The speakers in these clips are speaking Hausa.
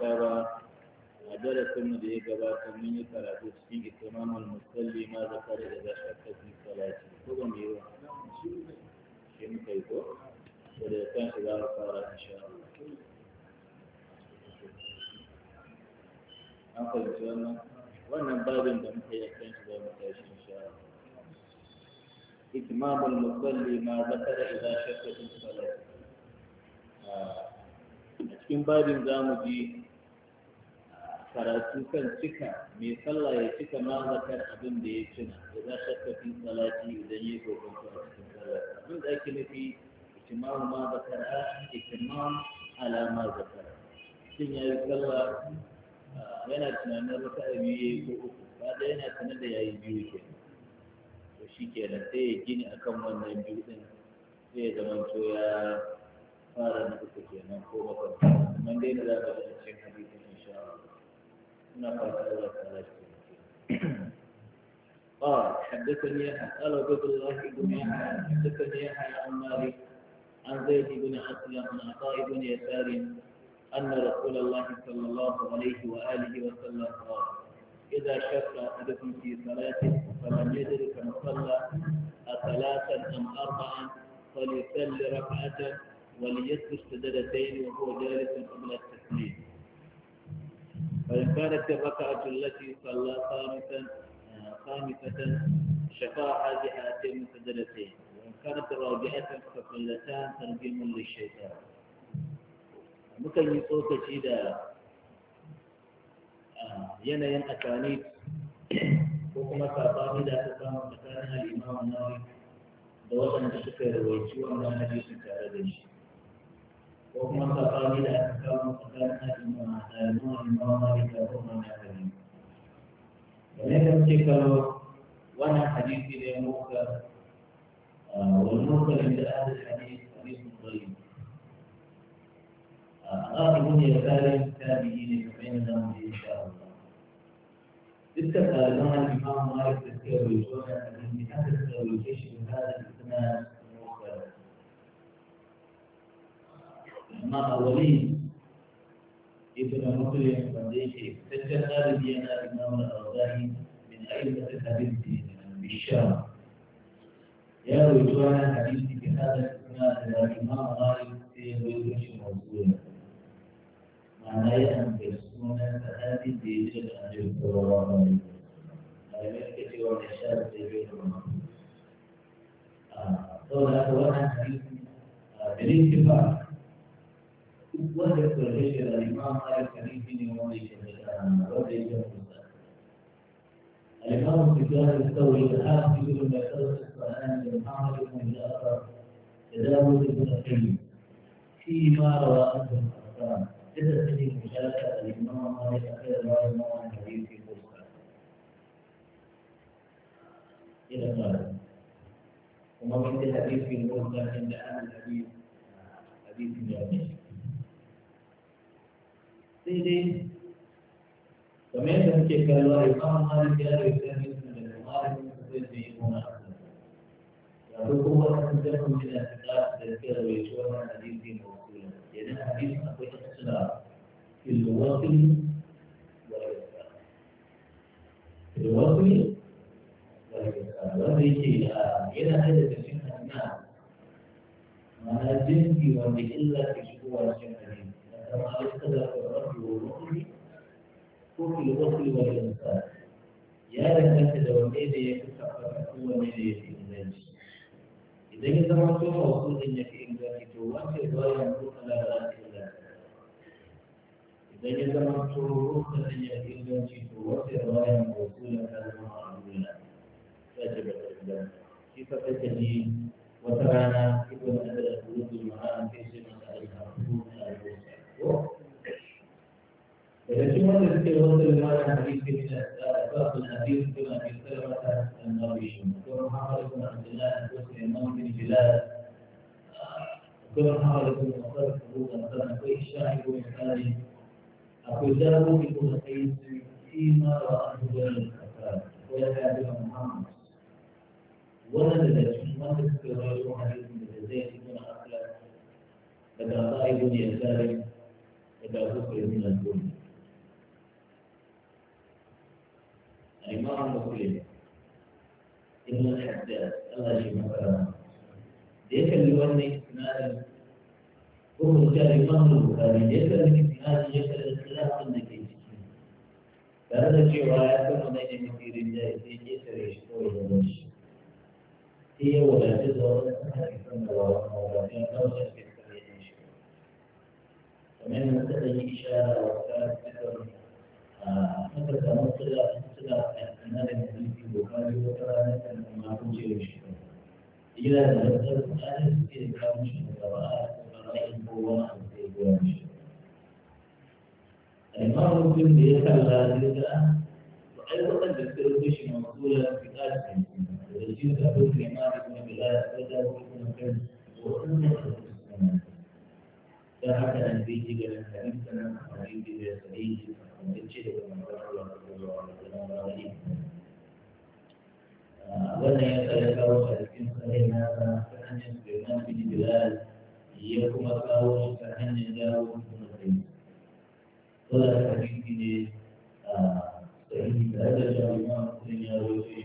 manta ba a darasin da ya gabata mun yi karatu cikin itimamul musalli ma zakar da za shakka fi salati ko ba mai yawa shi muka yi ko da da kan shi za mu fara insha Allah an fahimci wannan wannan babin da muka yi kan shi za mu tashi insha Allah إتمام المصلي ما ذكر إذا شك في الصلاة. أتكلم بعد زامجي karatu kan cika mai sallah ya cika ma zakar abin da ya cina idan shakka fi salati idan ya ko a cikin sallah abin da ake nufi itimamu ma zakar a itimam ala ma zakar shin ya yi sallah yana tunanin raka a biyu ya yi ko uku ba da yana tunan da ya yi biyu ke to shi ke da, sai ya gini akan wannan biyu din sai ya zama to ya fara na uku kenan ko bakwai amma dai na za ka cikin hadisin insha Allah نقل قال حدثني قال عبد الله بن حدثني يحيى عن مالك عن زيد بن اسلم عن عطاء بن يسار ان رسول الله صلى الله عليه واله وسلم قال اذا شك احدكم في صلاته فلم يدرك مصلى اثلاثا ام اربعا فليصلي ركعه وليسجد سجدتين وهو جالس قبل التسليم فإن كانت الركعة التي صلى خامسا خامسة شفاء هاتين سجدتين وإن كانت رابعة فكلتان ترجم للشيطان mukan yi tsokaci da yanayin asani ko kuma sabani da aka samu tsakanin al'imamu nawawi da waɗanda suka rawaici wannan hadisin tare da shi وهما تقابل أحكام وكان إمام إمام مالك وهما نافعين ولكن تكلوا وانا حديثي لموكا آه، والموكا عند أهل الحديث حديث طيب آه، غالب يزال تابعين بينهم إن شاء الله اتفق لنا الإمام مالك تسير وجوده من هذا التسير هذا الإسناد مع وليد ابن مطري الصديقي فالجهال بينا الإمام الأوزاعي من أئمة الحديث بالشام يا رجوان حديثي بهذا الإسناد إلى الإمام مالك في وجه موصولة معناه أن يكون فهذه بيجي الأمير صلى الله عليه وسلم لا يمكن والإشارة بين المنصور. فهو هذا حديث آه، بالاتفاق وهي تجيش الإمام مالك بن يومي وليس الإمام سفيان الثوري الحافظ بن مسعود الصنعاني المعمر بن جعفر تداول بن القيم فيما روى عنه الحسان إذا سني مشاركة الإمام مالك أخير الله إمام الحديث في فرصة إلى قال وما من الحديث في الفرصة عند أهل الحديث حديث يومي sai dai kamar yadda muke kallo a imam malik ya rai sai ne da malik zai je yi kuma ya ko kuma wannan zafin yana da da ke rawaito wannan hadisi mawsul yana hadisi akwai tsara fil wasl wal islam fil wasl wal islam wanda yake yana da cikin annabi ma'ana jinsi wanda illa ke shigowa cikin hadisi kamar alƙalar وفي الغفل والإنسان يا لك دوامين يكتفى هو من يتنجي إذا يزمع سوى وصول إنك إنك توانك دوايا مروح لا بلاد إلا إذا يزمع سوى وصول إنك إنك توانك دوايا موصولا كلمة معلومة فاجبة الإسلام كيف تجني وترانا ابن أدرى قلوب المعاني إذا في من الأسباب الحديث كما من الزيت لدى طائب يسار لدى الإمام مسلم ابن الحداد الله يجيب كلامه ليس لوني إسناد هو كان الإمام البخاري ليس لإسناد ليس للخلاف النبي هذا الروايات من كثير الجائزين يسري شكوى الوجه هي ولا تزور ومن مسألة إشارة وكانت مثل مثل مثل أنا لم البخاري وترى ما كنت يشتغل إذا تذكرت أنا سكيت على مشهد قراءات قراءة القوة الإمام مسلم يتخلى ذكره وأيضا ذكر به موصولا في آسف ويجوز أبو الإمام ابن بلال بدأ ابن كلب وأن فهذا الذي جاء الحديث سنة الحديث سعيد ومن شئ ومن رحمه الله عليه وسلم ولا يتذكر فالكن سهلنا فنحن بمن في البلاد إياكم أكاوش فهن يداوش من الخير ولا حديثي صحيح هذا جاء الإمام مسلم يا وجهه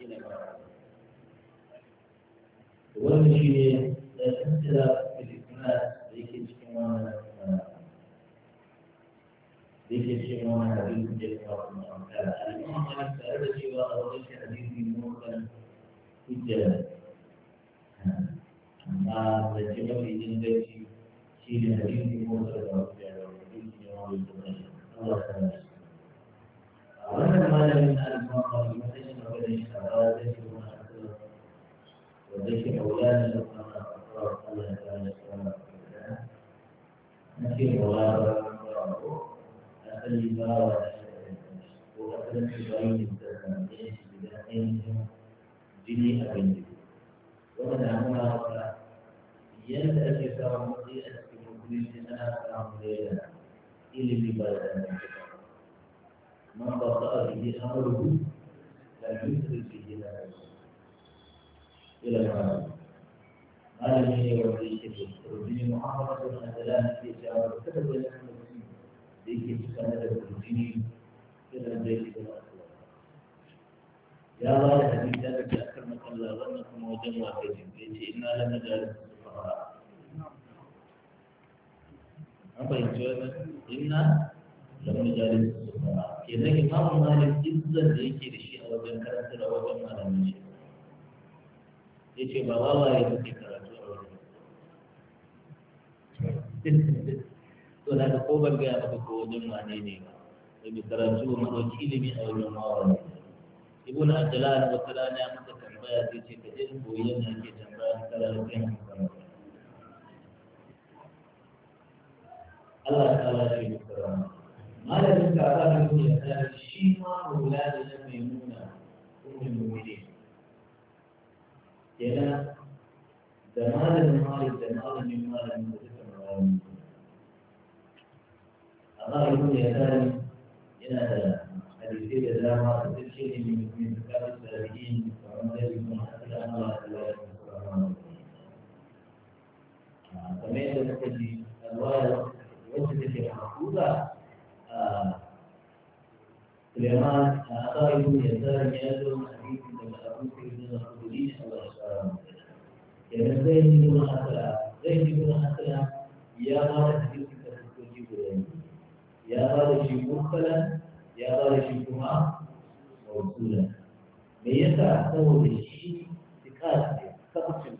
إلى وأنا شيء لا تنسى في الإسلام لكن شيء ذكر شيء من حديث الإمام مالك فهذا شيء وأرضيك hujja amma da ce mafi inganci shi ne hadisi ko sarrafa da hadisi ne kuma ko ko jini a kan jini wanda na nuna maka yadda ake samun matsayi a cikin musulunci ana samun da ilimi ba da nan man ba ta a jini an rubu da yusuf da jini na rubu ila ma malami ne wanda yake da rubini muhammadu na dalilin ke shawar kada da yake da yake cikin da rubini irin da yake da ya ba da hadisi da wannan kalla na kuma wajen wakai da ya ce ina lana da fara an fahimci wannan inna lam najalis sufara kenan imamu malik izzar da yake da shi a wajen karanta da wajen malamin shi ya ce ba wawaye suke karatu a wajen to da ka ko ban gaya maka ko wajen wane ne ba da bi karatu ma ɗauki ilimi a wajen wawaye ibn abdullah wata rana ya masa tambaya sai ce ka irin boye ne yake tambaya an kala da kai hankali Allah ta lafi da karama malamin ka ba da kuma ya shi ma maula da na mai nuna umar mumini yana da malamin malamin da malamin malamin da suka malamin amma ibn yasari yana da hadisi da dama da suke ne mai tsakanin sarabiyin من غيركم حتى أمر رواية القرآن فمن التي الرواية وجدت المحفوظة سليمان أعطاه يسار يده حديث من أبوك من الخدري الله سبحانه يعني زيد بن حسرة زيد بن حسرة يا مال حديث تفكر يا مال شيء مرسلا يا مال شيء موصولا me yasa saboda shi tikas ne kafin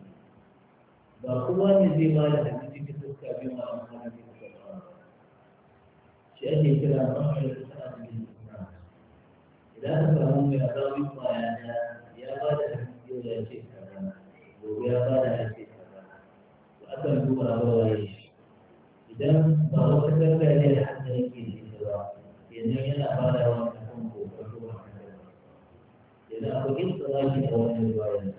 ba kowa ne zai ba da hadisi ta fuska biyu ma an hana ne ba shi ake kira mafiyar sa'ad bin Usman idan ka samu mai azabi ya na ya ba da hadisi yau ya ce kaza gobe ya ba da hadisi kaza to akan duba ba waye idan ba wata karfa ne da وجدت ذلك وأنا جوال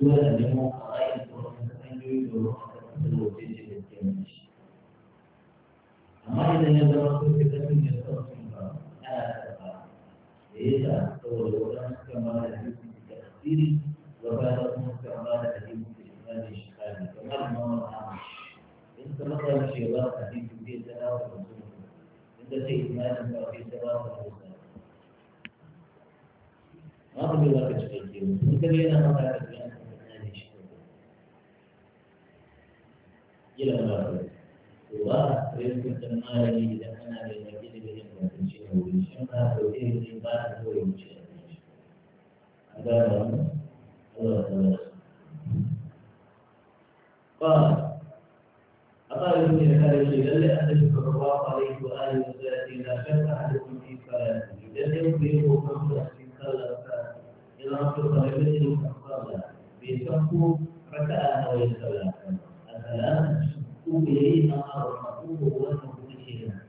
دون أن يموت قرائب وأنجوي وروحك الوجود بالكامش أما إذا يدرك بكثير من الصلاة لا أتفع ليس أقول وأنا كما الحديث في تأثيري وبالغ كما الحديث في إسلام الشهادة كما المرأة الأعمش إن تلقى الشيطان حديث في ثلاثة وسنة إن تشيء ما تنفع في ثلاثة وسنة babu mai za ka ci kai kewa in ka yana maka ka biya ka kana ne shi yana ba ka to ba sai ku san malami idan ana da yaki da yin mutum shi ne wurin shi ba ka yi ne ba ka zo yin shi an ga ba mu Allah ta ba قال أقال ابن الحارث لله أن صلى الله عليه وآله وسلم لا شك أحدكم في صلاته إذا لم يكن خمسة في صلاة Suratul Qalamil Muqtada Besokku Rakaan awal salat Asalam Ubilai Amar Makuhu Wa Mubishina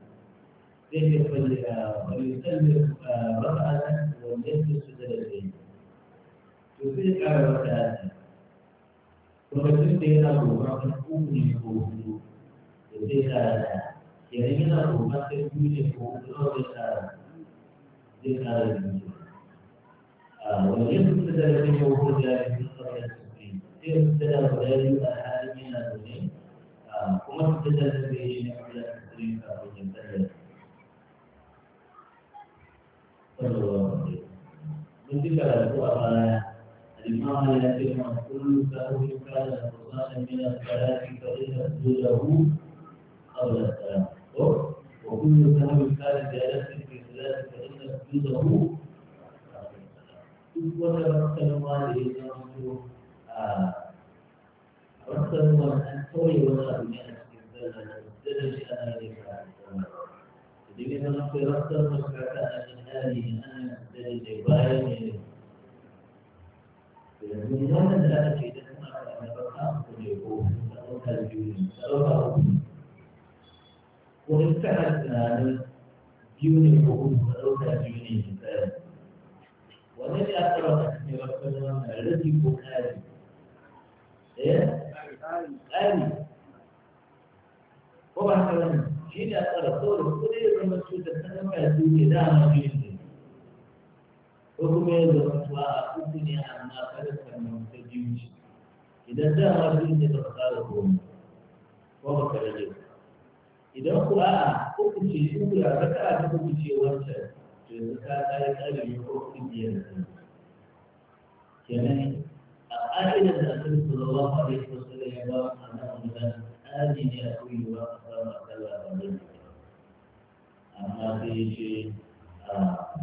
Dia berfalika Wayusallim Raka'atan Wa Yesus Sudalatin Yusik Ara Raka'atan Kemudian dia tahu Rakan Umi Kuhu Yusik Ara Yang ingin aku Masih Umi Kuhu Yusik Ara Yusik Ara Yusik ولم يبتدأ منه كذلك في القرية السفلية إذا ابتدأ ولاية أحد من هذين وما ابتدأ به جميع ولاية السفلية فهو صلى الله عليه وسلم وذكر الفقهاء الإمام الذي كل فهو كان فرسانا من الصلاة فإن سجوده قبل السلام وكل سهو كان جالسا في صلاة فإن سجوده وتوكلوا عليه انه وتوكلوا ان تولوا بما درج آلك Jadi kalau karakter perkataan yang hari ini dari debat ini, kemudian ada kita semua ada perkara beliau kalau kaji kalau tahu, kalau kita ada unit kalau kaji ini wani ne a tsara a cikin rafin wannan rabi ko ƙari eh ƙari ko ba haka wani shi ne a tsara saboda kuɗi ya zama cutar ta ya tuke da a mafiyin ko kuma ya zama tuwa a kuku ne amma ka nan idan goma idan ku a a wancan yanzu ka kai tsari ko kungiyar da kenan a ƙa'idar da aka su zama fara ko su da yawa a nan wajen tsari ne a koyewa a sama a kala da wani amma sai ya ce a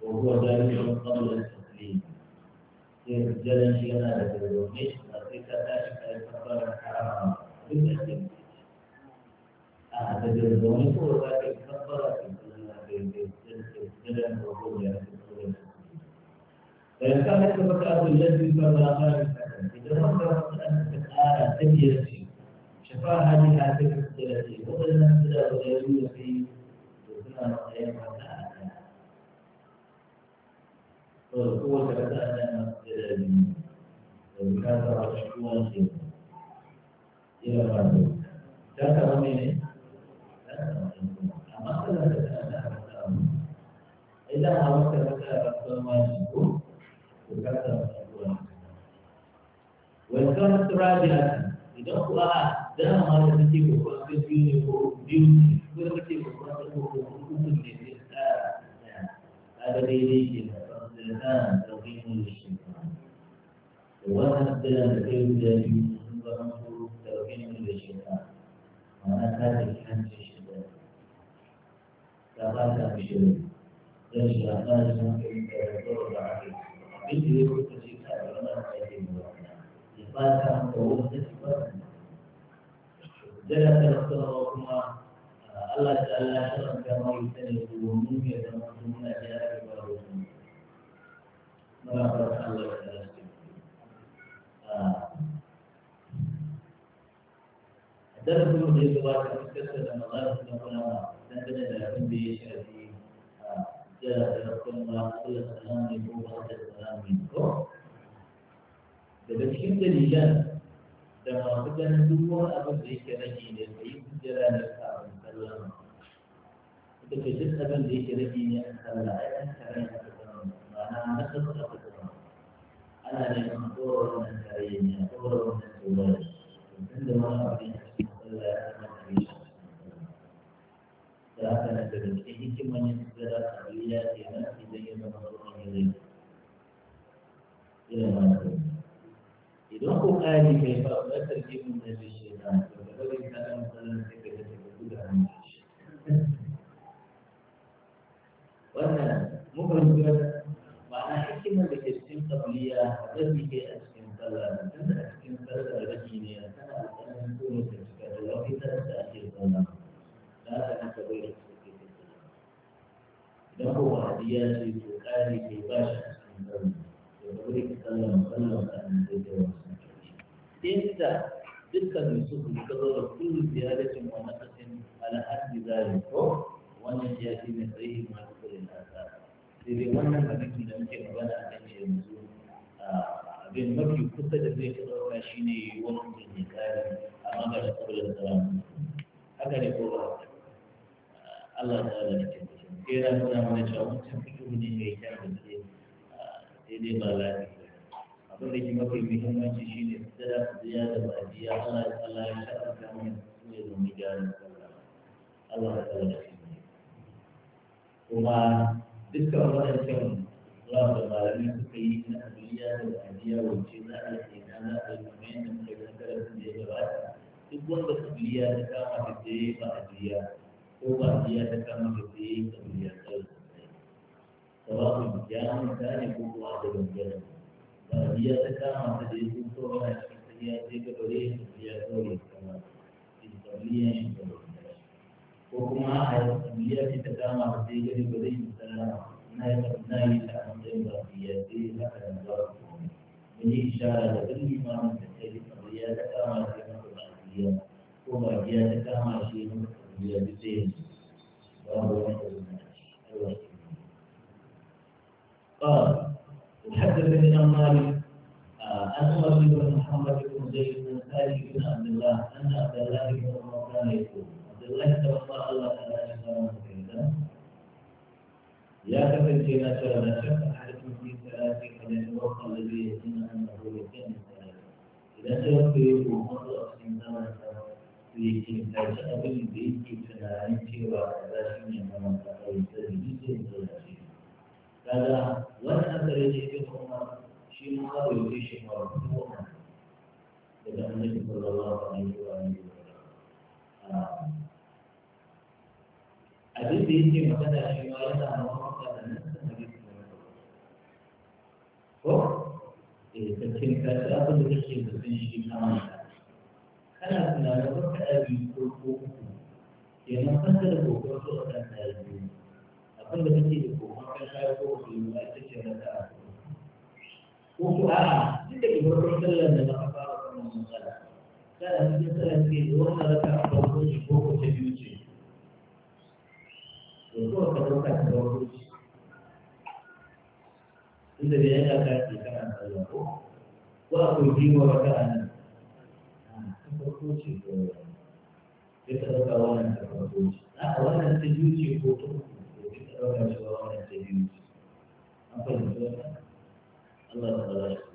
kogowa da yi wani ƙwallon tafiye sai jalan shi yana da gaggaume ba sai ka tashi ka yi kafara karama duk da ke a da gaggaume ko za ka yi kafara ka السلام وغير فإن كان يتبقى الذي فلا غالب إذا فكرت أن الآن تجري شفاء هذه هذه التي وغير السلام وغير في وسلام وغير هو كتأنا وكثر شكوان إلى ما ذلك لا ترمي لا أما لا ترمي إذا أردت ذكر الواجب وذكر الواجب وإن كانت راجعة إذا هو dama da take babban gajiyo ne ko biyu ne ko da take babban gajiyo ko uku ne zai tsara ta ga daidai ke da fasilin da ƙin da shi da wannan tsira da kai da biyu sun zama su da ƙin da shi ta ma'ana ta ta kanta shi da ta ba ta fi shirin tashi a tsarin hankali da rarrabar da ya kuka ce ta yi ya fata da wani ta ci fata jira kuma ta ta ya zama su muna jira da ba da wani da ya gabata a cikin da magana da kuma dangane da abin da ya shafi جل جلاله إلى السلام منه وأنت السلام منه دبتكين دليلان لما بدنا ندور أبدا كنجي للحين جلال الكعب سلم دبتكين أبدا كنجي للحين أنا نقص أبدا أنا لما أدور من الحين أدور من الحين عندما أبدا da haka na daga cikin hikiman yin sujjada a duniya ke nan idan ya zama tsoron ya zai idan ko kai sarki mu sallama sai gani ba zai yi sallama na yi na yi ta an zai ba ya sai haka da za ku komi mun yi ishara da duk limamin da ta yi ya ta kama shi na kusurciya ko ba ya ta kama shi na kusurciya duk zai yi babu wani da zai na shi قال وحدثني عن مالك عن عمر بن محمد بن زيد بن خالد بن عبد الله ان عبد الله بن عمر كان يقول عبد الله توفى الله يا كفر فيما لا شك أحدكم في ثلاثة أن يتوقع الذي يتم أنه يتم إذا توفيت وقد أصلنا في إنتاج أبن بيت تنعيك وعلاشم يمنى فأيتزي سيدي هذا وأنا أتريد فيكم شيء مقابل وفي شيء مقابل لأن النبي صلى الله عليه وسلم أبن آه. بيت مكان شيء مقابل ko eh tafsir ka ta abin da kake da san shi na manta kana tunanin ko ka yi ko ko kenan fasara ko ko so ka ta yi abin da kake da ko ka ta ko ko ba ita ce na ta ko ko a duk da ibrahim sallallahu alaihi wasallam da aka fara wannan matsala kana cikin sallar ce da wannan raka'a farko ce ko ko ta biyu ce to ko ka dauka ta farko inda da yana ta ce kana tsalla ko ko akwai jiwa wata a nan ta farko ce ko ya ta ɗauka wannan ta farko ce a wannan ta biyu ce ko ta uku ko ya ta ɗauka cewa wannan ta biyu ce an fahimci wannan Allah ta ɗauka shi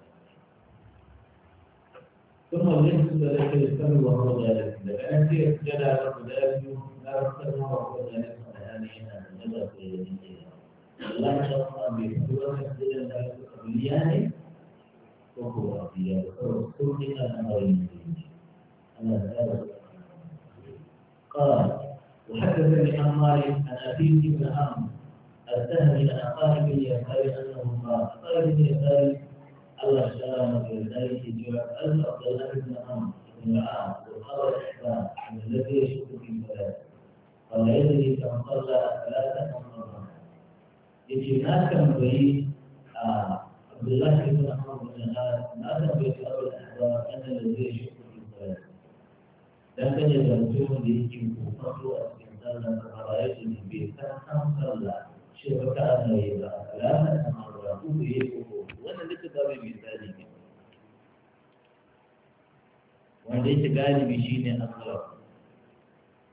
ثم الجنس ذلك يستمر وهو ذلك لكن في جلال ذلك لا يستمر وهو ذلك فهذه الجنة في الجنة قال وحدثني عن مالك عن أبيه بن عمرو الذهبي عن قال بن أنه قال قال بن ذلك جوع ألف عمرو بن العاص وقال الإحسان من الذي يشك في البلاد قال يدري كم صلى ثلاثة مرات يجي الناس كانوا بعيد عبد الله كيف نقرا بالنهار ما كان في اول الاحزاب ان الذي يشك في الصلاه لكن اذا نجوم يجي فقط استخدام الرايات من بيت فهم صلى شبك ان يدعى لا نسمع الرسول يقول وانا لسه باب مثالي وانا لسه قاعد بيجيني اقرب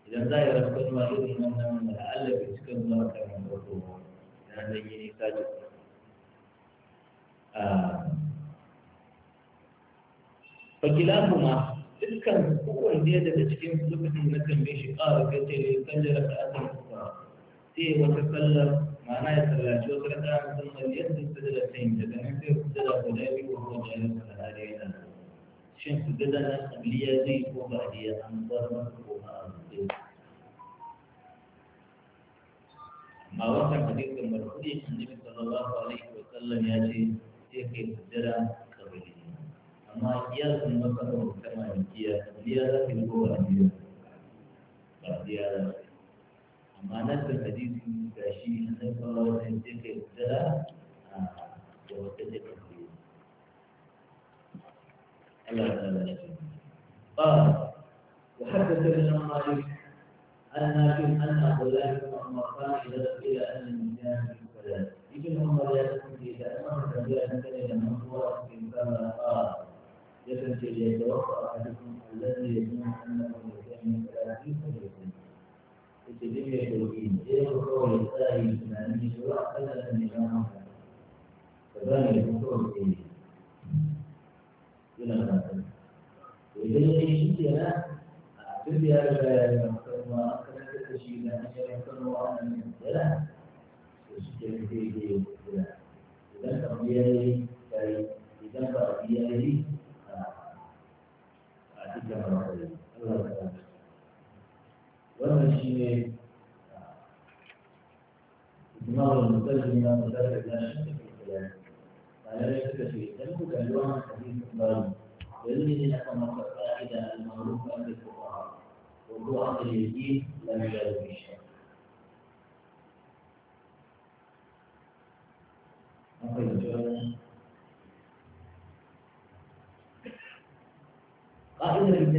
إذا زايرة كل ما يريد أن نعمل على بيتكلم مرة كمان ne ɗan yi nisa tukun ah, fakilahuma dukkan ne daga cikin lokacin na tambaye shi ƙara ah, kai ce ne kan jira ka aka ta sai wata kallar ma'ana ya sallaci wata raka a musamman yadda su da ta yi daga nan sai su da guda biyu ko da yin sarari yana shin su da na ƙabliya zai ko ba a an a masa ko ba a zai ba wannan hadisin marfu'i annabi sallallahu alaihi wa sallam ya ce sai kai sujjada kabari amma iya sun masa da mutama ne iya iya za ka yi ko ba iya ba iya za ka amma nan da hadisin ga shi annabi sallallahu alaihi wa sai kai sujjada ah, da wata da kabari Allah ya lalace. Ba, wa haddasa da Malik أنها كم أن عبدالله بن عمر كان إذا سئل أن الميزان كذا ابن عمر يكون إذا أمر كذا أن لما هو كما قال يكن يتوقع أحدكم الذي يظن أنه يكون ثلاثين فليكن التدين يتوكين إيه قول الثاني الإسلامي سواء كان النظام فبان يكون إيه إلى ما تقول وإذا يشتي أنا أعتبر هذا المقدمة إلى أن يكون وأنا من الثلاث وشكل في يدي الثلاث إذا تربيتي أي إذا تربيتي آه، أعطيك مرحبا الله تعالى وأنا شيء آه، إجماع المترجمة مدرسة لا شك في الكلام لا شك فيه لم يكن لها حديث ضروري ويجب أن يكون المعروف أن وضوء أصل الدين لا يجاز به شيء قائلا بالنفي duk abin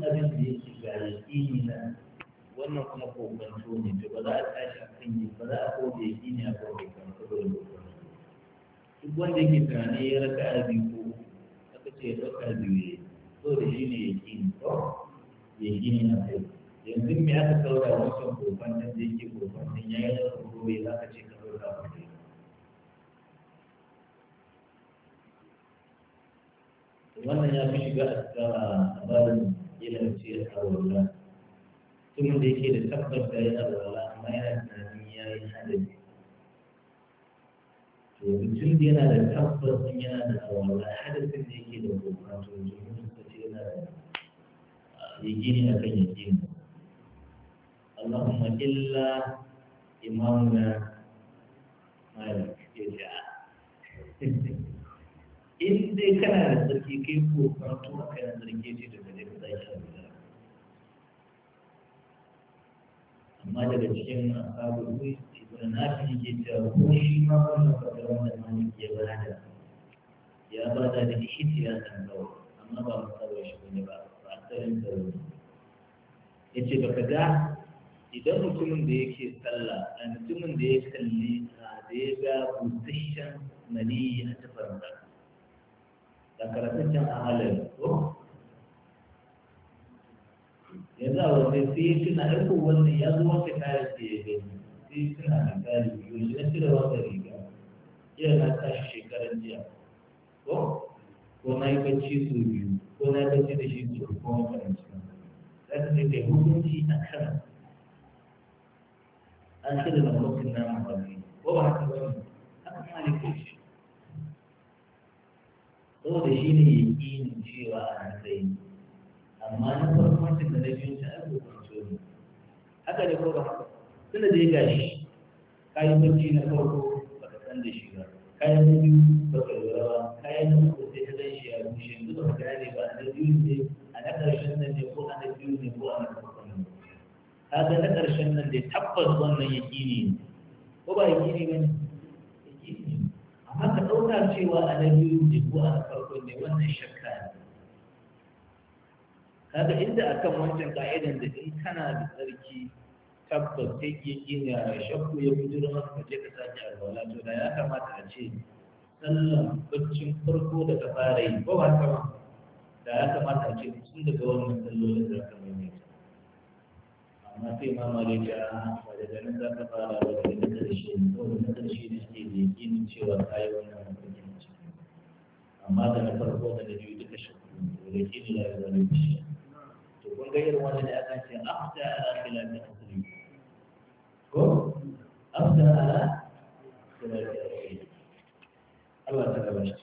da yake ga yaƙini na wannan kuma kokonto ne to ba za a tashi a kan yi ba za a kowace yaƙini a kowace kokonto ba da kokonto duk wanda yake tunani ya raka a biyu ko aka ce ya ɗauka biyu ya so da shi ne yaƙini ko ya gini a kai yanzu me aka kaura wancan kofan nan da yake kofan nan ya yi da kofo za ka ce ka kaura ba kai wannan ya fi shiga a tsarin ilanci a walwala tun da yake da tabbas da yana walwala amma yana tunanin ya yi hadari to mutum da yana da tabbas yana da walwala hadasin da yake da kokon to jami'in suka ce yana da يجيني أكن يجيني اللهم إلا إمامنا مالك يجعل إن دي كان لسكي كيفو فرطوة كان لنجيتي تبدي بداي شابلا أما جدا جشينا أصحاب الوي يقول ناكي نجيتي أبوشي ما قلنا asalin sallah ya ce baka ga idan mutumin da yake sallah a mutumin da ya kalli da ya ga busasshen maniyi a tafarka da karataccen ahalar ko yanzu a wani sai ya tuna ɗauko wannan ya zo wanka kayan da ya gani sai suna da kayan biyu shi na cire wata riga iya na tashi shekaran jiya ko ko na yi bacci sau biyu ko na tafi da shi ko kuma mafarci za ta ne da hukunci a kan an ce da mafarkin na mafarki ko ba haka ba ne haka malik ya ce saboda shi ne ya ƙi cewa a kai amma na farkon da na biyu ta aiko so ne haka ne ko ba haka tunda da ya gashi kayan bacci na farko ba ka san da shi ba kayan na biyu ba ka lura ba kayan na uku kaga na ƙarshen nan dai tabbas wannan yaƙini ne ko ba yaƙini ba ne yaƙini ne amma ka ɗauka cewa a na biyu ne ko a na farko ne wannan shakka ne kaga inda akan wancan ka'idan da in kana da tsarki tabbas sai ne a shakku ya bujiro maka ka je ka sake alwala to da ya kamata a ce sallan baccin farko da ka fara yi ba ba sama da ya kamata a ce tun daga wannan sallolin da ka amma sai ma malik ya ba da ganin za ka fara ba da na ƙarshe ko na ƙarshe ne ake da yakinin cewa ka yi wannan mafarkin mutum amma da na farko da na biyu duka shakku da yakini ya yi wani bishiya to kun ga irin wani da aka ce afta ala khilafi asali ko afta ala khilafi asali Allah ta gaba shi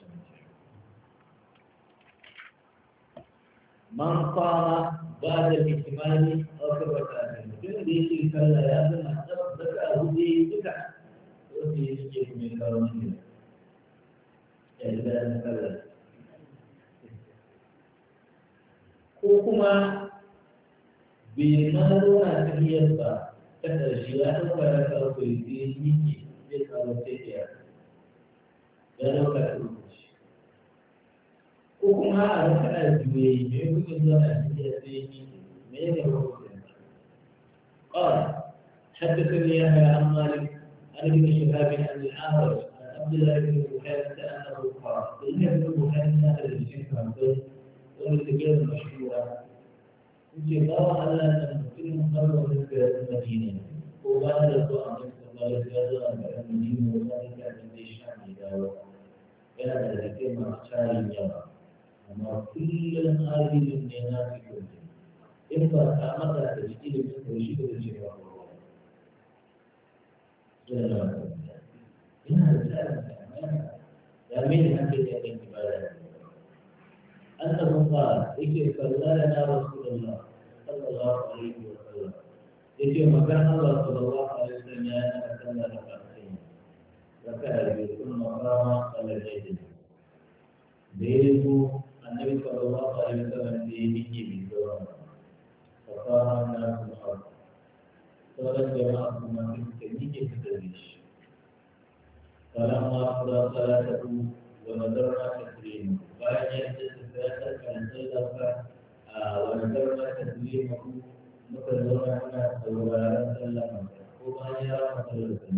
من قام بعد الإكمال sallar ko kuma bai ma zauna tafiyar ba ta ƙarshe ya ɗauka da farko ya yi yake zai kawo tafiya ya ɗauka da lokaci ko kuma a raka a juye mai kuke zuwa a tafiya sai yi mai ne ba ku da قال حدثني an عن مالك عن ابن شهاب عن الحمد لله في البخاري أنه قال جميع في البخاري من أهل الجنة والبيت والرجال المشهورة انتظار على أن نقيم قبل ذكر المدينة وبعد القرآن ذلك هذا المدينة وذلك من ليش عن دعوة كان ذلك مع شاري يرى وما كل هذه الناس كلهم إما قامت على تجديد من تجديد الجنة والبيت yana da tsara ya mai da hankali a kan ibada an tafi fara yake kalla da na rasu da yake magana Allah sallallahu alaihi wa sallam ya yi na kalla da kafin zaka da bai kuma ma kalla da yake da ya yi ko annabi فلما قضى صلاته ونذرنا تكريمه وأن يحدث ثلاثة فنسلف ونذرنا تكريمه مكررنا هنا ولا سلم وما يرى مثلثا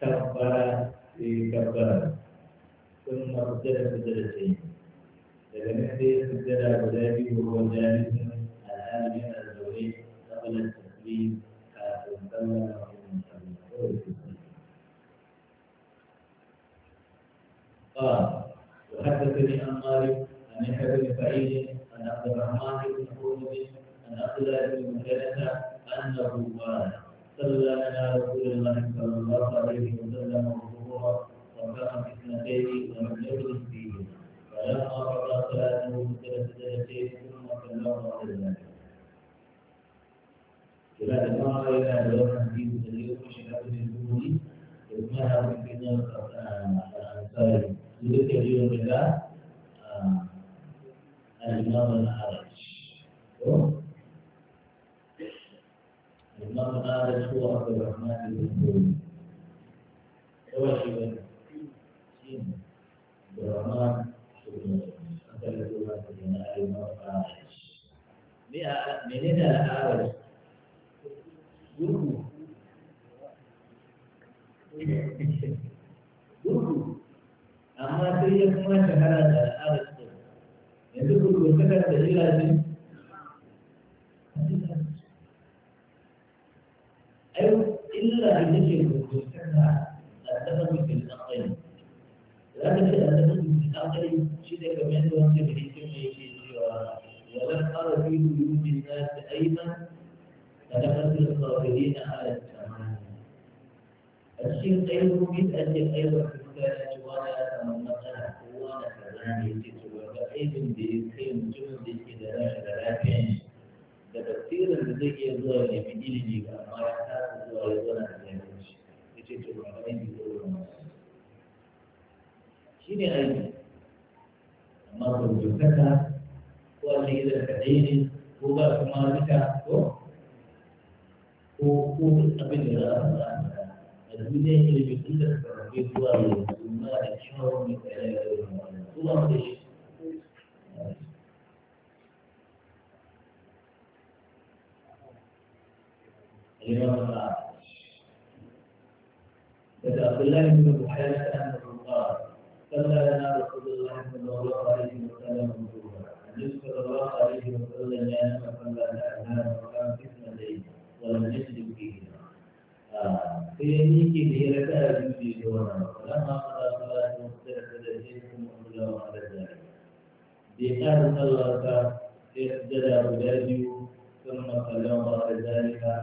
كبر في كبر ثم ارتدى سجدتين daga nan sai ya sujjada guda biyu ruwan jami'in al'adun قال وحدثني عن مالك عن يحيى بن سعيد عن عبد الرحمن بن حوزب عن عبد الله بن مكرمه انه قال صلى لنا رسول الله صلى الله عليه وسلم وظهورا وكان في اثنتين ولم يكن فيه فلما قضى صلاته ثلاث سجدتين ثم صلى الله عليه وسلم ولكن اليوم شهادة الجمهور في الأنصار Jadi dia juga berbeda Al-Imam al-Haraj Al-Imam al-Haraj Kuwa Abdul Rahman Al-Imam Al-Imam Abdul Rahman Al-Imam Al-Imam Al-Imam Al-Haraj Ini adalah al sai ya kuma shahara da al'adar su yanzu ku dokaka da jiragen ai illa da yake dokaka da sababin fil aqli za ka ce da sababin fil aqli shi ne kamar yadda wani da yake mai yake cewa walan qara fi wujudin nas aidan فلقد الصابرين على التمام الشيء غير بدعة أيضا zai iya zuwa ya ilimi ba amma ya kasa zuwa ya zauna da shi ya ce to ba ne ne ko ba shi ne aiki amma ko dokaka ko a ce da ka daidai ko ba kuma duka ko ko ko abin da za a ba a duniyar da zuwa da kyawun mai tsaye da yawan ko ba الإمام الآخر إذا عبد الله بن قال صلى لنا رسول الله صلى الله عليه وسلم وجوبا النبي صلى الله عليه وسلم ينام صلى لنا وكان فتنة ليل ولم يشرك فيه فينيك به ركاء جودي دونه فلما قضى صلاة مختلفة لديكم أولى وعلى ذلك بقال صلى ركعة اسجد أولادي ثم صلى وعلى ذلك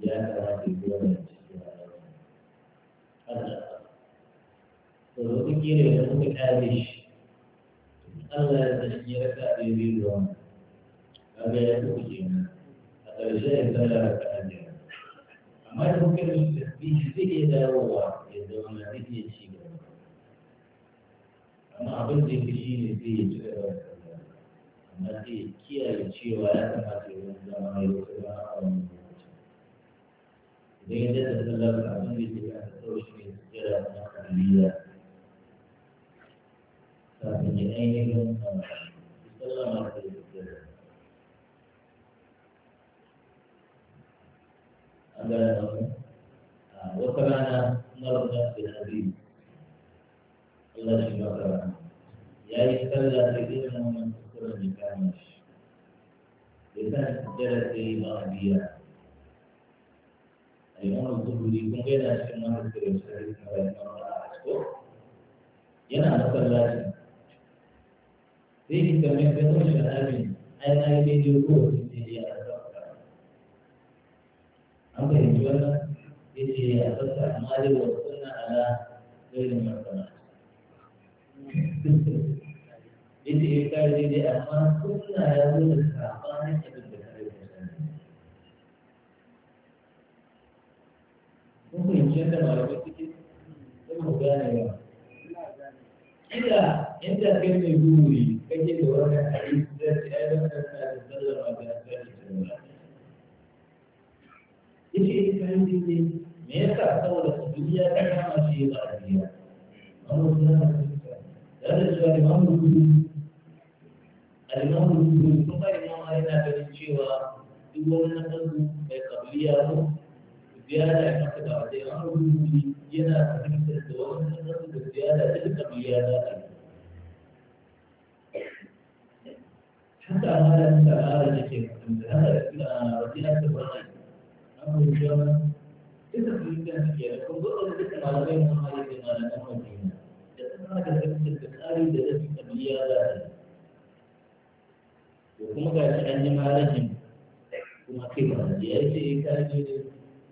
ya fi goma cikin Allah to wani gire da kuma kare shi Allah ya san ya raka da yi ruwa kaga ya fi kenan a ƙarshe ya tsara raka da amma da kuka yi tasbihi zai iya dawowa ya zama zai iya ci gaba amma abin da yake shi ne zai ci gaba amma zai kiyaye cewa ya kamata ya zama ya zama a wani da ya da sallar da abin da ke a tsoro shi ne kira na kariya kafin ya ainihin sallama da ya kira an gane da wani wata rana marar da ke nabi Allah shi maka ya yi sallah da irin wannan kuskuren da kama shi. Bai san jara sai ma'abiya limanin zuhuri kun ga yana cikin wani kudin sarari na rayuwar yana masallacin sai ki kamar ganin shahadin ai na yi daidai ko wasu daidai a sauka an fahimci wannan ya ce ya amma dai wa ala ɗaiɗin masana ya ce ya kare daidai amma suna ya zo da fahimci yadda malamai suke sai mu gane ba kila inda kai mai guri kake da wannan hadisi da ta yi da kanta da sallama da ta yi da wani yace yi, kandi ne me yasa saboda duniya ta kama shi ba a duniya amma suna da da cewa imamu guri al-imamu guri kuma yana ganin cewa duk wani nasaru mai kabiliya ko زيادة أنك بعدين أمره ينا فهمت الدوام النقص بالزيادة تلك ميادة حتى هذا هذا الشيء هذا رجينا تبرعنا أمر الجامعة إذا كنت تحكي لكم ضرر ذلك على بين هذه ما لا نمر فينا هذا فهمت البخاري لذلك ميادة وكما قال عندما رجم وما كبر يأتي كان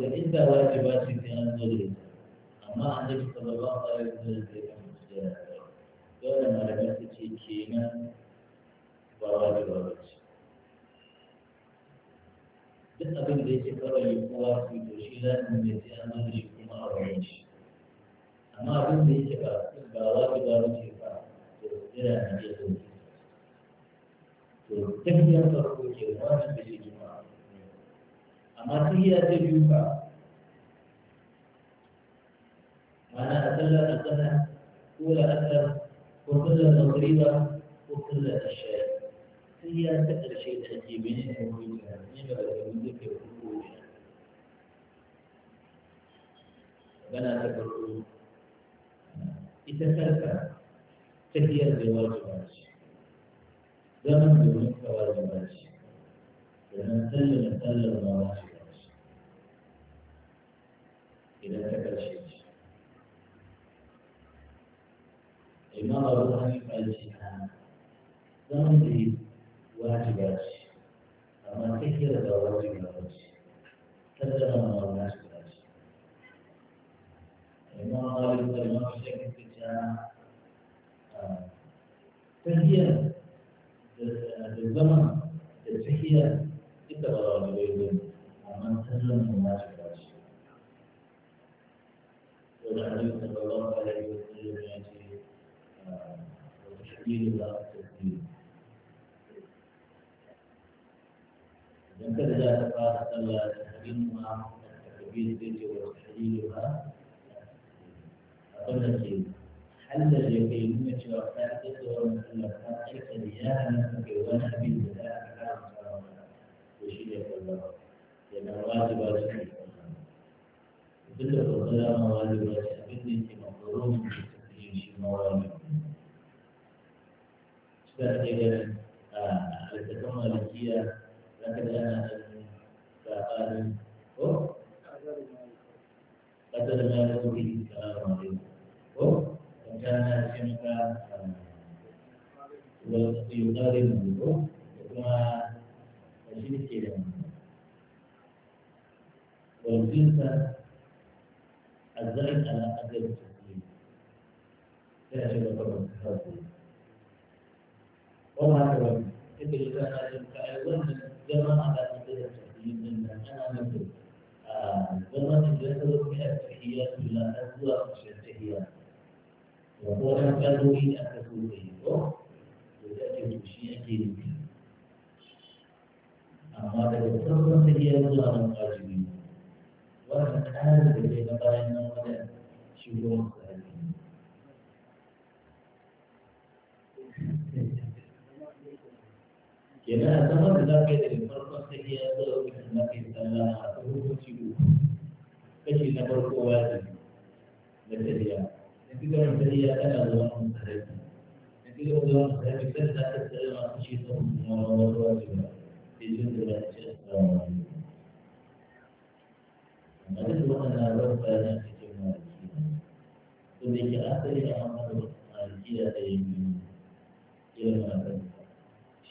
فإن واجباتك أن تدرس أما النبي صلى الله عليه وسلم كيف dole malamai su ce kenan ba wajiba ba ce duk abin da yake kawai kowa su to shi za su mai sai an zo da shi kuma a wani shi amma abin da yake ba ba wajiba ba ce ba to tsira na iya zo to tafiyar farko ke wani da amma tahiya ta biyu ba mana a sallar alƙasa ko la'asar ko sallar magariba ko sallar ashari tahiya ta ƙarshe da ake mene ne wani ne ba da wani zai kai ko ne magana ta farko ita kanta tahiyar da wajiba ce zaman domin ka wajiba ce domin sallama sallama wajiba إذا ذكر شيء إمام أبو حنيفة الجهان واجبات أما كثير واجبات كثر من الواجبات إمام مالك والإمام الشيخ الجهان كثير آه. الدين ولا الدين إذا كان ذلك قال صلى الحليم التكبير بيتي أقول لك حل اليقين وشركاته ومثل الحقيقة لياها نفسك وأنا أبي بذلك حرام وشيء يقول الله لأن الواجب عليك بدر الظلام واجب عليك بدني في مقرون في موالي za a iya ganin a littattafan malikiya za ka ji ana saɓanin ko? ƙasar da mara zuri salamu alaikum ko? wata na ce maka yukarin mu ko? da kuma shi ne ke da mu والجنس الزائد على قدر التسليم. لا شيء وما أدراك إذا إذا فأيضاً جمع على مدى التحديد أن أنا مثل جمع الجسد في التحيات إلى أدوار التحيات وهو أن كانوا إن أكثروا به وتأتي تشيئة كيرك أما لو تفضل تحيات الله من واجبين وأنا أعلم بين بين المدى شبوه yana a da za ka yi daga farkon tafiya ya lokacin da ka yi sallah a hukunci uku kashi na farko wajibi na tafiya na fi gaban tafiya kana zuwa musarafi na fi gaban zuwa musarafi kan za ka tsare masu shi ta hukumar wani wajibi sai jin da za ka ce a tsawon wajibi amma duk waɗannan ruwan bayan a cikin maliki to da ke asali a mamman malikiya da yin biyu irin wannan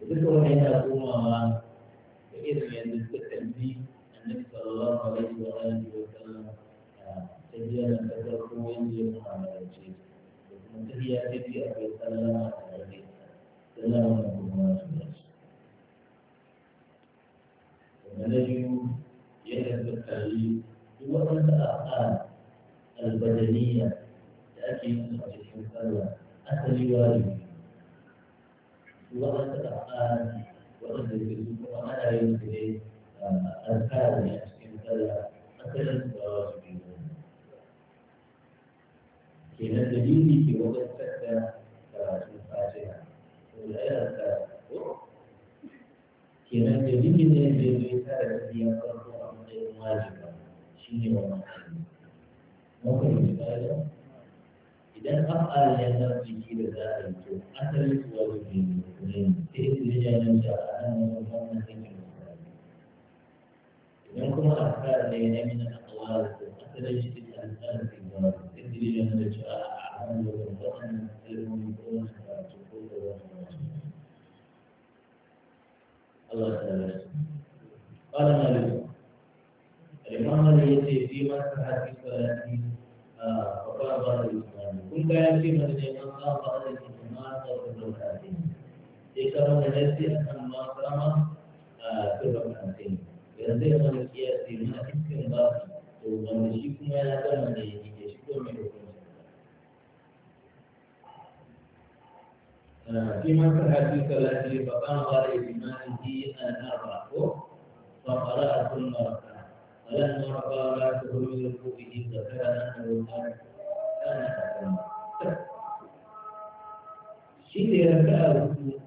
وذكر وحيدا كوما كثير من الذكر النبي صلى الله عليه وآله وسلم تهيا لم ويندي محمد الجيد وتهيا تبي أبي سلام عليه سلام عليكم ورحمة الله ونجم يهد التعليم هو أن الأفعال البدنية تأتي من الإنسان أتى لوالده ولا تتعقل ولا يجوز ولا يجوز الكلام يعني مثلا kenan dalili ke wadatar da karatun fatiha wulaya ta kenan dalili ne da ya ta da ya farko a matsayin wajiba shi ne wannan hali mafi misali idan af'al ya zama jiki da za a yi to asali kuwa da ke ne sai su yi janin da a nan wani wannan rikin idan kuma afkar ne na mina akawar to asali shi da alƙalar ke ba sai su yi janin da cewa a nan da wani wannan ilmi ko wani karatu ko da wani Allah ta'ala قال مالك الإمام الذي في مسح في صلاته فقال الله kun ga ya ce mana ne an saba da ke ma da sai a kan ma sama a turban kafin yanzu ya mana kiyasi mana cikin ba to wanda shi kuma ya gama da ya ke shi ko mai hukunci في منكر حديث الذي فقام على إمامه أن أربعه فقرأ ثم ركع فلما ركع لا تهمل به ذكر أنه shi ne raka a wasu ya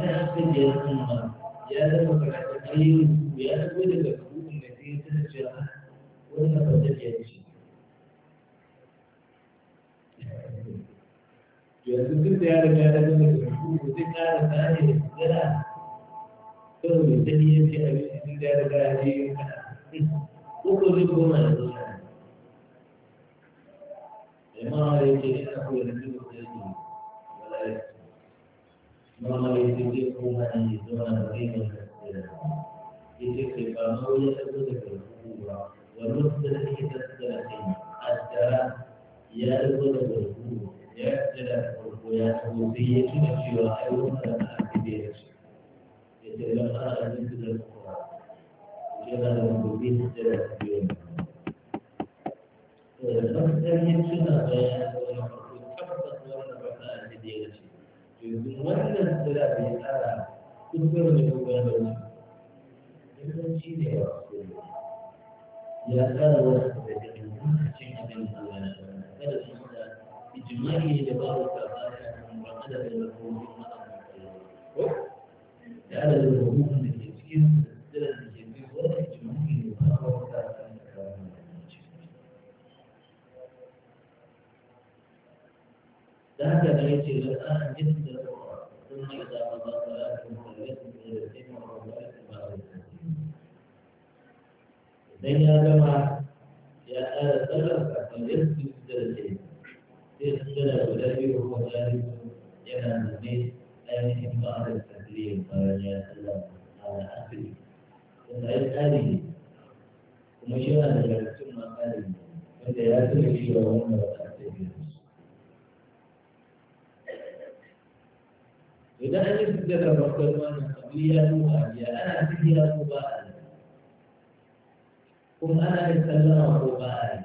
san abin da ya san ba ya zama karatun ayyukan ya zama daga rubutun da sai ya san cewa wani na fata da ya ce yanzu duk da ya riga ya zama daga rubutun zai kara tsari da tsira kawai mai sani ya ce abin da ya riga ya je ko ko zai koma da zuwa Yana da mabobin da ya fi yana. tsarkarin suna bayan sauran farko tabbas wannan da wannan sura bai tsara da kuma da wani yawanci ne ba ya tsara wasu da cikin abin da ya kada su da da ba da kuma ana yin sallama ko ba a yi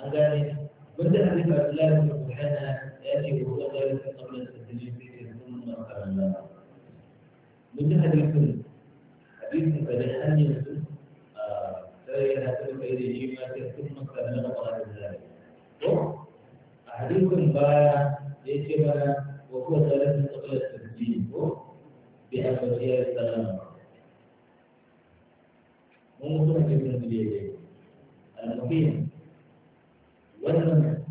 an gane mun da hadisi Abdullahi bin Buhana ya ce ko zan gari ta kamar da ta ji sai da sun makaranta mun da hadisin hadisin da dai hanyar su sai ya hadu kai da shi ma sai sun makaranta ba da zai ko a hadisin baya ya ce mana wa ko zan gari ta kamar da ta ji ko bi a bashiyar sallama abubuwan da kan zai yi alfafin wannan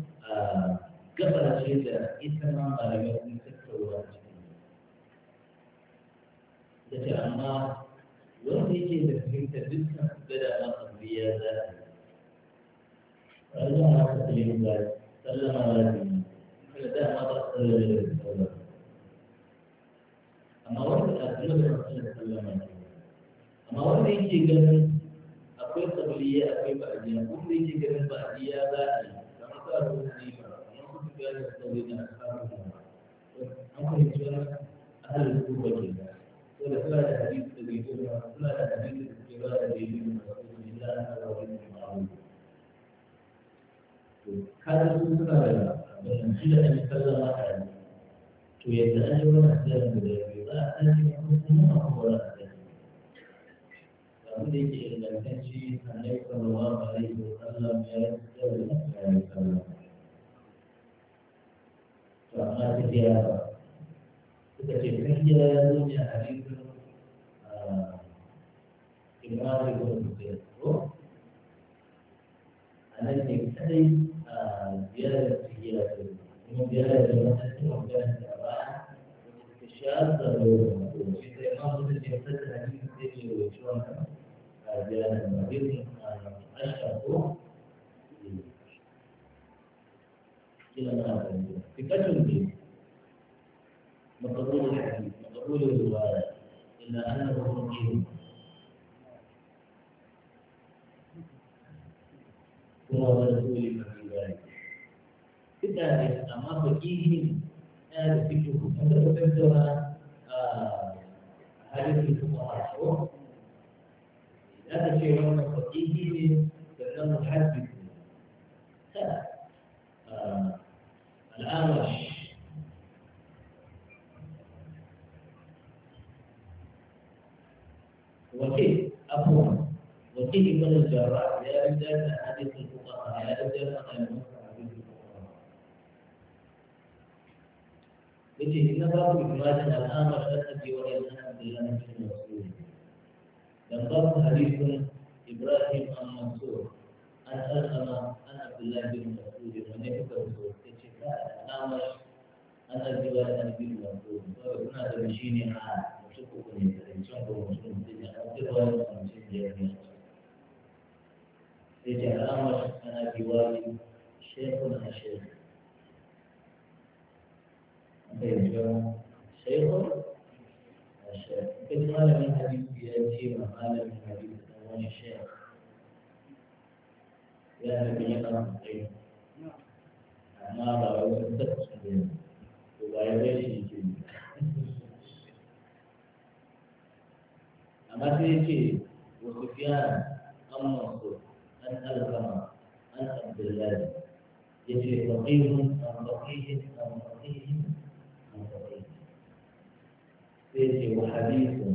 gabar ce da ita ma malamai sun tattauna cikin da ce amma wanda yake da fahimtar dukkan gada na kabliya za a yi Allah ya haka yin ba sallama wa ne kada da ma ba sallama da sallama amma wanda a sallama da sallama amma wanda yake ganin akwai kabiliya akwai ba'adiyya kun da yake ganin ba'adiyya za a yi kamar sa abu ne ba kamar su ga da sauri na samu an fahimci wani ahalin su ba ke so da suna da hadisi da bai kuma suna da hadisi da suke ba da bai yi da masu ne za a kawo wani ma'amu kada su suna da bayan shi da an yi kallon mata ne to yadda an yi wani asirin da ya biyu za a san shi kuma kuma a kowa wanda yake ingantacce a nai sallallahu alaihi wa sallam ya yi tsawon ya yi sallam to amma ta ba suka ce sun gida ya zo ne a hadisin imani ko mutum ko a nan ne kadai a ziyarar su gida ta kuma da wata suna magana da ba ta da shi sai ma ce ta hadisin zai ce wa ciwon kama بين المريض أشرف إلى ما ثقة به مقبول الحديث مقبول الرواية إلا أنه فقيه هو ورسوله في ذلك كذلك أما فقيه هذا فكره هذا فكرها فقيه لأنه حدث آه، الأعمش وكيف عفوا وكيف من الجراح لا رجال حديث الفقهاء لا رجال أحاديث يجي إن باب إجماع الأمر الذي وإن عبد الله بن مسعود لم حديث إبراهيم المنصور أن ألهم أن عبد الله بن مسعود ونفسه كشفاء الأمر أن الجواد أن بن مسعود وهنا تمشيني على مشككني فإنسانك ومسلم سيدنا أبدوا ومسلم جميعا سيدنا الأمر أن الجواد شيخ الشيخ شيخ الشيخ كل ما لم يحدث يأتي وما لم يحدث يا شيخ يا نبي يقرأ الدين أنا أضع وسط الدين وبايبيش الدين أما سيدي وسفيان أم منصور أن ألقما أن عبد الله يجري فقيه أم فقيه أم فقيه أم فقيه سيدي وحديث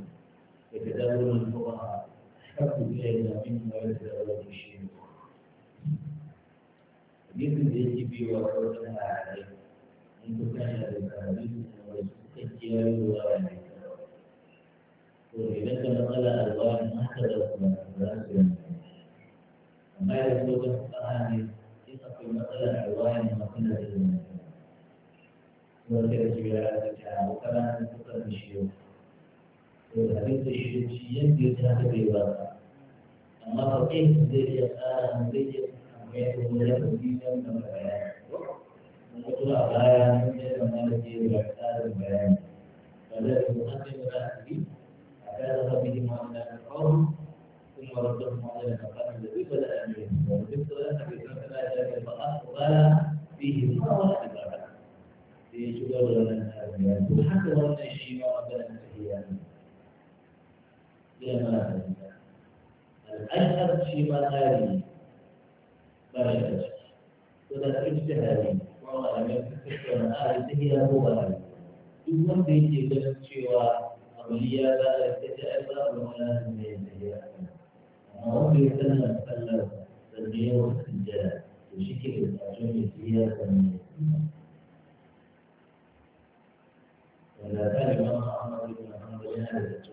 يتداول الفقهاء حكم الجنة مما يتزوج الشيوخ حديث الذي وقفتنا عليه منذ كان الإسلامي وسكتيا وغالي وإذا تنقل ألوان ما تدخل الناس وما يسوق القرآن يقف مثل ألوان ما كنا تدخل وكذا جبالات وكما تدخل الشيوخ abin da shi shi yadda ya tana da bai ba amma ba kai zai iya tsara zai iya amma ya kuma ya tafi don kan bayani kuma kuma a baya mun yi zama da ke da tsarin bayani ba zai yi kuma sai mu zaɓi bi a kai da zaɓi ne ma da ka kawo kuma rabbar ma da ka kawo da duk da amiri ba duk da za ka kai kan kana da ka ba a ba fihi ma wa ta ba sai ya shigar da wannan tsarin bayani haka wannan shi ma wannan tafiya ne فيما الأشهر فيما هذه بشر ولا اجتهادي والله لم يكن هذه هو هذه يكون بيتي بس cewa auliya ba a kace ai ba ba wala ne ne ya amma wanda ya sanna Allah da ne ya wanda to shi ke da tsarin da ya sanna wala kana ma Muhammad ibn Hanbal yana da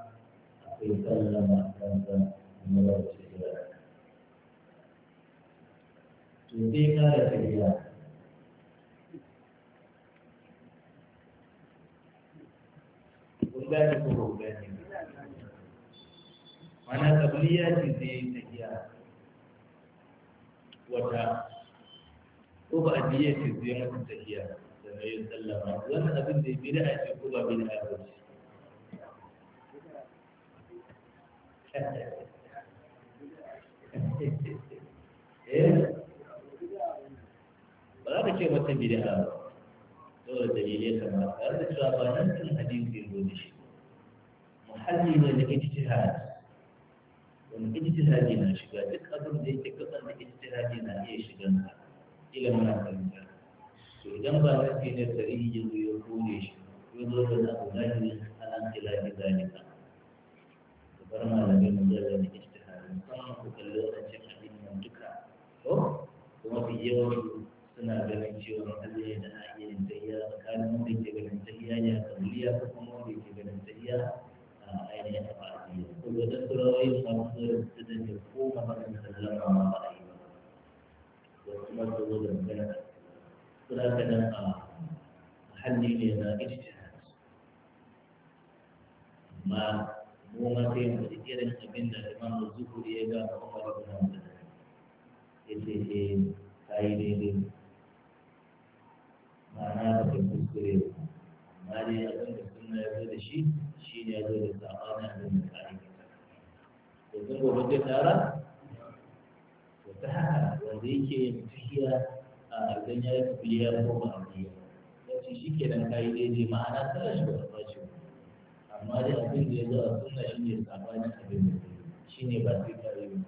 وسلم أحسن من رسوله يديك يا سيدنا ولا تكفروا mana tabliya ce sai yi tafiya wata ko ba ajiye ce sai mutum tafiya da mai sallama wannan abin da ya bi da ake ko ba bi da ake ba za ka ce wata bid'a ba dole dalilai kamar ta da cewa ba nan tun hadisi ne da shi muhalli ne na ijtihad wani ijtihadi na shiga duk abin da yake kasan da ijtihadi na iya shiga sa ilimin na to idan ba nasi da sarihi ya zo ya kore shi ya zo da na abu zahiri ala zalika bar malamai mu zai zai ijtihadi musamman ku kalli wadancan addinin duka ko kuma fi yawan suna ganin cewa Allah ya da iya yin tahiya tsakanin wanda ke ganin tahiya ya kabiliya ko kuma wanda ke ganin tahiya a ainihin a ba'adiyya ko da dan turawai ma su da su da ne ko ma ba da sallama ma ba a yi ba ko kuma su da magana suna ganin a halli ne na ijtihadi amma ومتين كثيرا لكن الإمام الزهري إذا أخبر بنا إسهين هايلين معنى في المسكري ما لي أظن السنة يزيد شيء شيء يزيد الزعانة من المتعليم يزن هو بجي سارة وتحا وذيك يمتحيا أردن آه، يأتي بليا فوق عمليا يأتي شيء كنا هايلين معنى سلاش وقال amma dai abin da ya zo a sunna shi ne sabanin abin da shi ne ba sai kare ba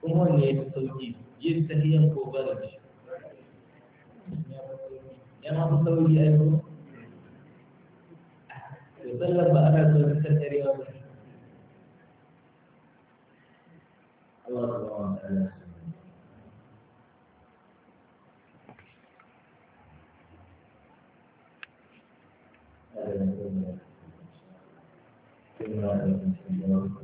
kuma ya fi sauki yin tahiyan ko barin shi ya ma fi sauki a yau to sallar ba ana sauki kan ba Allah subhanahu wa ta'ala Thank you.